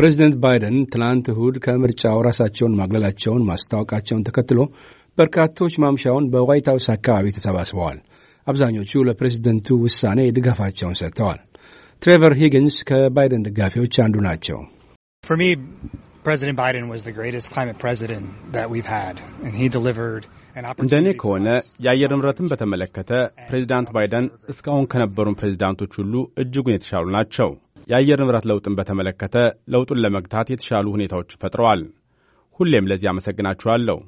ፕሬዚደንት ባይደን ትናንት እሁድ ከምርጫው ራሳቸውን ማግለላቸውን ማስታወቃቸውን ተከትሎ በርካቶች ማምሻውን በዋይት ሀውስ አካባቢ ተሰባስበዋል። አብዛኞቹ ለፕሬዚደንቱ ውሳኔ ድጋፋቸውን ሰጥተዋል። ትሬቨር ሂግንስ ከባይደን ደጋፊዎች አንዱ ናቸው። እንደኔ ከሆነ የአየር ንብረትን በተመለከተ ፕሬዚዳንት uh, ባይደን እስካሁን ከነበሩን ፕሬዚዳንቶች ሁሉ እጅጉን የተሻሉ ናቸው። የአየር ንብረት ለውጥን በተመለከተ ለውጡን ለመግታት የተሻሉ ሁኔታዎች ፈጥረዋል። ሁሌም ለዚህ አመሰግናችኋለሁ።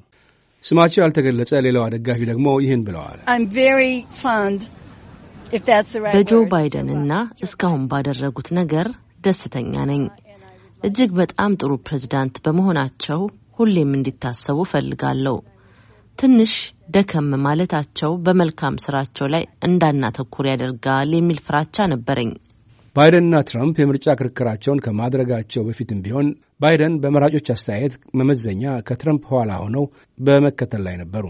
ስማቸው ያልተገለጸ ሌላዋ ደጋፊ ደግሞ ይህን ብለዋል። በጆ ባይደንና እስካሁን ባደረጉት ነገር ደስተኛ ነኝ። እጅግ በጣም ጥሩ ፕሬዝዳንት በመሆናቸው ሁሌም እንዲታሰቡ ፈልጋለሁ። ትንሽ ደከም ማለታቸው በመልካም ስራቸው ላይ እንዳናተኩር ያደርጋል የሚል ፍራቻ ነበረኝ። ባይደንና ትራምፕ የምርጫ ክርክራቸውን ከማድረጋቸው በፊትም ቢሆን ባይደን በመራጮች አስተያየት መመዘኛ ከትራምፕ ኋላ ሆነው በመከተል ላይ ነበሩ።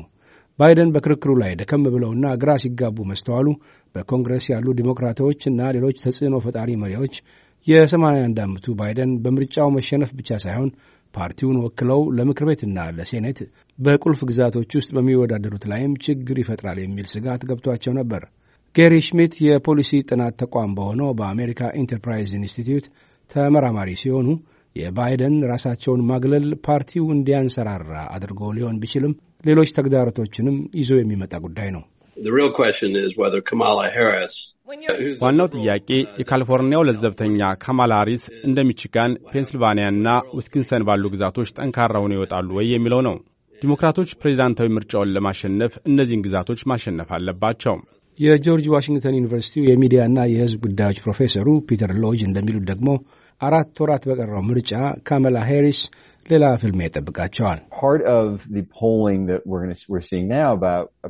ባይደን በክርክሩ ላይ ደከም ብለውና ግራ ሲጋቡ መስተዋሉ በኮንግረስ ያሉ ዲሞክራቶች እና ሌሎች ተጽዕኖ ፈጣሪ መሪዎች የ81 ዓመቱ ባይደን በምርጫው መሸነፍ ብቻ ሳይሆን ፓርቲውን ወክለው ለምክር ቤትና ለሴኔት በቁልፍ ግዛቶች ውስጥ በሚወዳደሩት ላይም ችግር ይፈጥራል የሚል ስጋት ገብቷቸው ነበር። ጌሪ ሽሚት የፖሊሲ ጥናት ተቋም በሆነው በአሜሪካ ኢንተርፕራይዝ ኢንስቲትዩት ተመራማሪ ሲሆኑ የባይደን ራሳቸውን ማግለል ፓርቲው እንዲያንሰራራ አድርጎ ሊሆን ቢችልም ሌሎች ተግዳሮቶችንም ይዞ የሚመጣ ጉዳይ ነው። ዋናው ጥያቄ የካሊፎርኒያው ለዘብተኛ ካማላ ሃሪስ እንደ ሚችጋን፣ እና ዊስኪንሰን ባሉ ግዛቶች ጠንካራ ሆነው ይወጣሉ ወይ የሚለው ነው። ዲሞክራቶች ፕሬዚዳንታዊ ምርጫውን ለማሸነፍ እነዚህን ግዛቶች ማሸነፍ አለባቸው። የጆርጅ ዋሽንግተን ዩኒቨርሲቲው የሚዲያና የሕዝብ ጉዳዮች ፕሮፌሰሩ ፒተር ሎጅ እንደሚሉት ደግሞ አራት ወራት በቀረው ምርጫ ካመላ ሄሪስ ሌላ ፍልሚያ ይጠብቃቸዋል።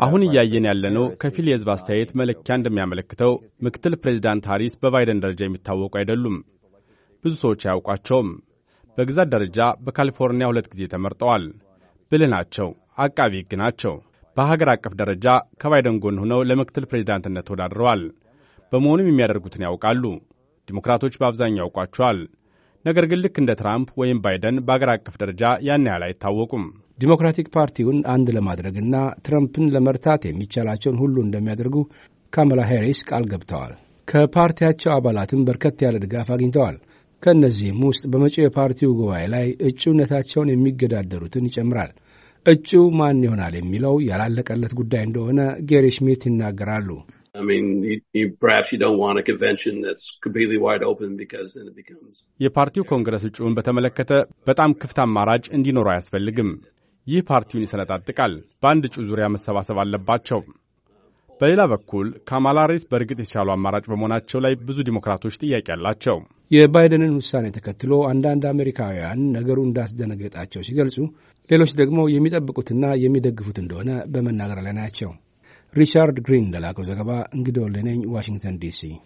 አሁን እያየን ያለነው ከፊል የህዝብ አስተያየት መለኪያ እንደሚያመለክተው ምክትል ፕሬዚዳንት ሃሪስ በባይደን ደረጃ የሚታወቁ አይደሉም። ብዙ ሰዎች አያውቋቸውም። በግዛት ደረጃ በካሊፎርኒያ ሁለት ጊዜ ተመርጠዋል። ብልህ ናቸው። አቃቢ ህግ ናቸው። በሀገር አቀፍ ደረጃ ከባይደን ጎን ሆነው ለምክትል ፕሬዚዳንትነት ተወዳድረዋል። በመሆኑም የሚያደርጉትን ያውቃሉ። ዲሞክራቶች በአብዛኛው ያውቋቸዋል። ነገር ግን ልክ እንደ ትራምፕ ወይም ባይደን በአገር አቀፍ ደረጃ ያን ያህል አይታወቁም። ዲሞክራቲክ ፓርቲውን አንድ ለማድረግና ትረምፕን ለመርታት የሚቻላቸውን ሁሉ እንደሚያደርጉ ካማላ ሄሪስ ቃል ገብተዋል። ከፓርቲያቸው አባላትም በርከት ያለ ድጋፍ አግኝተዋል። ከእነዚህም ውስጥ በመጪው የፓርቲው ጉባኤ ላይ እጩነታቸውን የሚገዳደሩትን ይጨምራል። እጩ ማን ይሆናል የሚለው ያላለቀለት ጉዳይ እንደሆነ ጌሪ ሽሚት ይናገራሉ። I mean, you, you, perhaps you don't want a convention that's completely wide open because then it becomes የፓርቲው ኮንግረስ እጩውን በተመለከተ በጣም ክፍት አማራጭ እንዲኖር አያስፈልግም። ይህ ፓርቲውን ይሰነጣጥቃል። በአንድ እጩ ዙሪያ መሰባሰብ አለባቸው። በሌላ በኩል ካማላ ሃሪስ በእርግጥ የተሻሉ አማራጭ በመሆናቸው ላይ ብዙ ዲሞክራቶች ጥያቄ አላቸው። የባይደንን ውሳኔ ተከትሎ አንዳንድ አሜሪካውያን ነገሩ እንዳስደነገጣቸው ሲገልጹ፣ ሌሎች ደግሞ የሚጠብቁትና የሚደግፉት እንደሆነ በመናገር ላይ ናቸው። Richard Greene Dalla Koochagamba ngidoon Leneen Washington D.C.